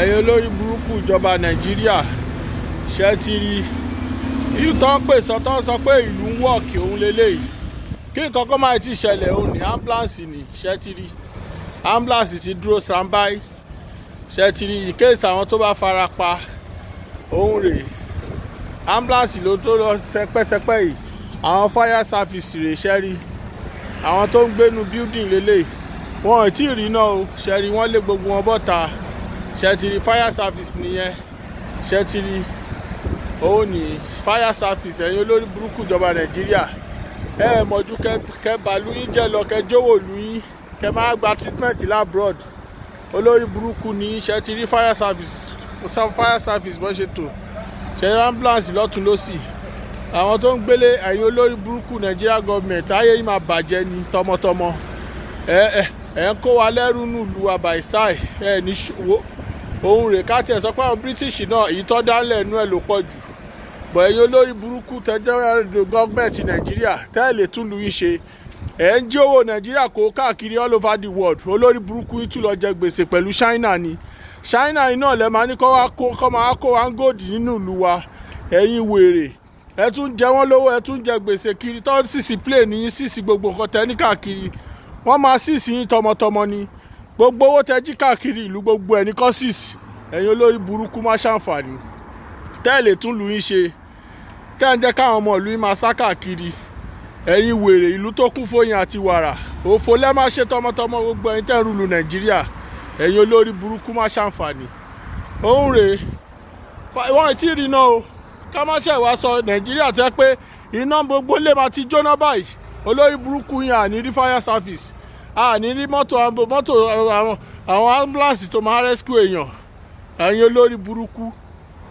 ẹ̀yin olórí burúkú ìjọba nàìjíríà ṣe ti rí yìí tó ń pè sọ́tọ́ sọ pé ìlú ń wọ̀ọ̀kì òun lélẹ́yìí kí nǹkan kan máa ti ṣẹlẹ̀ òun ní ambulance ni ṣe ti rí ambulance ti dúró standby ṣe ti rí in case àwọn tó bá fara pa òun rèé ambulance ló tó lọ sẹpẹsẹpẹ yìí àwọn fire service rè ṣẹ́rí àwọn tó ń gbénu building lélẹ̀ wọn ò tí ì rí náà o ṣẹ́rí wọ́n lé gbogbo wọn bọ́ta ṣẹ́tìrì fire service nìyẹn ṣẹ́tìrì ó ní fire service ẹ̀yin olórí burúkú ìjọba nàìjíríà ẹ ẹ mọ̀jú kẹ balu yín jẹ́ lọ kẹ jówó lù yín kẹ máa gba treatment labroad olórí burúkú ní ṣẹ́tìrì fire service fire service bó ṣe tò ṣẹ́tìrì ambulance lọ́tún lọ́sì àwọn tó ń gbélé ẹ̀yin olórí burúkú nàìjíríà gọ́ọ̀mẹ̀ntì ayé yìí máa bàjẹ́ ni tọmọtọmọ ẹ ẹ ẹ ń kó wa lẹ́rú nùlù àbàìstáì ẹ ní ṣòwò òun rè ká tiẹ̀ sọ pé àwọn british náà èyí tó dálẹ̀ inú ẹ̀ ló pọ̀ jù bọ̀ ẹ̀yin olórí burúkú tẹjọ́ gọ́ọ̀mẹ̀ntì nàìjíríà tẹ́lẹ̀ tún lu ìṣe ẹ̀ ń jí owó nàìjíríà kó káàkiri all over the world olórí burúkú yìí tún lọ jẹ gbèsè pẹ̀lú china ni china yìí náà lẹ́ẹ̀ máa ní kọ́ máa kó wa ń gòdì nínú ìlú wa ẹ̀yin wèrè ẹ tún jẹ wọ́n lówó ẹ tún jẹ gbèsè kiri tó sísì plane yín sísì gbogbo nǹkan tẹ́ ní káàkiri wọ́n máa sísì yín tọmọtọmọ ni gbogbo owó tẹ jí káàkiri ìlú gbogbo ẹ̀ ní kọ́sìsì ẹ̀yin olórí burúkú má ṣàǹfààní tẹ́ẹ̀lẹ̀ tún lù yín ṣe tẹ́ ń jẹ́ káwọn ọmọ ìlú yín máa sá káàkiri ẹ̀yin wèrè ìlú tó kún fóyín àti wàrà òfò lẹ́ máa ṣe tọmọtọmọ gbogbo ẹ̀yin tẹ́ ń rúlu nàìjíríà ẹ̀yin olórí burúkú má ṣàǹfààní òun rèé wọ́n ti rí iná o ká má ṣe wá sọ nàìjíríà tẹ́ pé iná gbogbo lè máa ti jóná báyìí olórí burúkú yín àní rí fire service a ní rí mọ́tò mọ́tò àwọn ambulance tó máa rescue èèyàn ẹ̀yin olórí burúkú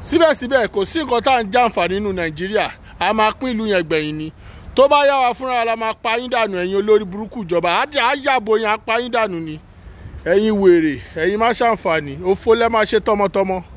síbẹ̀síbẹ̀ kò sí nǹkan tá à ń jàǹfààní nínú nàìjíríà a máa pín ìlú yẹn gbẹ̀yìn ni tó bá yá wa fúnra la máa pa yín dànù ẹ̀yin olórí burúkú ìjọba á yàbò yẹn á pa yín dànù ni ẹ̀yin wèrè ẹ̀yin má ṣàǹfààní òfò lẹ́ máa ṣe tọmọtọmọ.